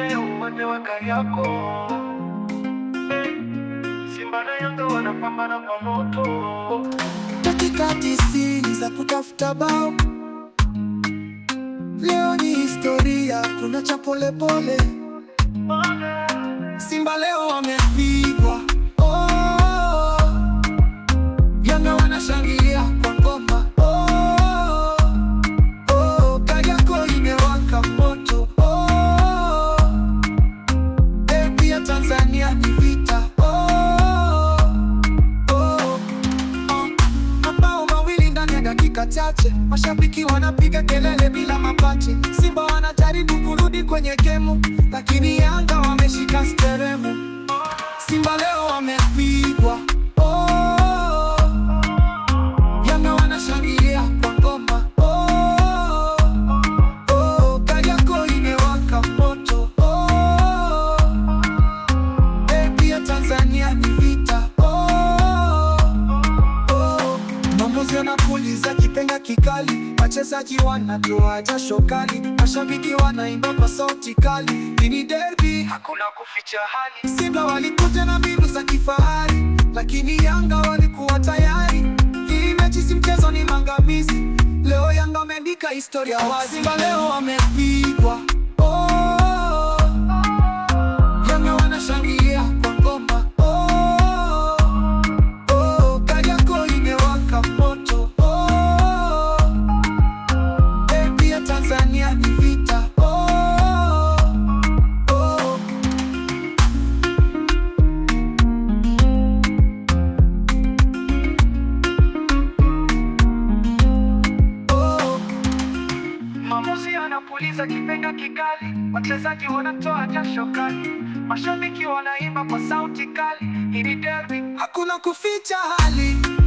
Nje Simba na Yanga wanapambana kwa moto. Dakika tisini za kutafuta bao, leo ni historia, kuna cha polepole dakika chache, mashabiki wanapiga kelele bila mapache. Simba wanajaribu kurudi kwenye kemu, lakini Yanga wameshika kikali, wachezaji wanatoa jasho kali, mashabiki wanaimba kwa sauti kali. Hii ni derby, hakuna kuficha hali. Simba walikuja na mbinu za kifahari, lakini Yanga walikuwa tayari. Hii mechi si mchezo, ni mangamizi. Leo Yanga wameandika historia wazi. Simba leo wamepigwa kupuliza kipenga kikali, wachezaji wanatoa jasho kali, mashabiki wanaimba kwa sauti kali. Hii ni derby, hakuna kuficha hali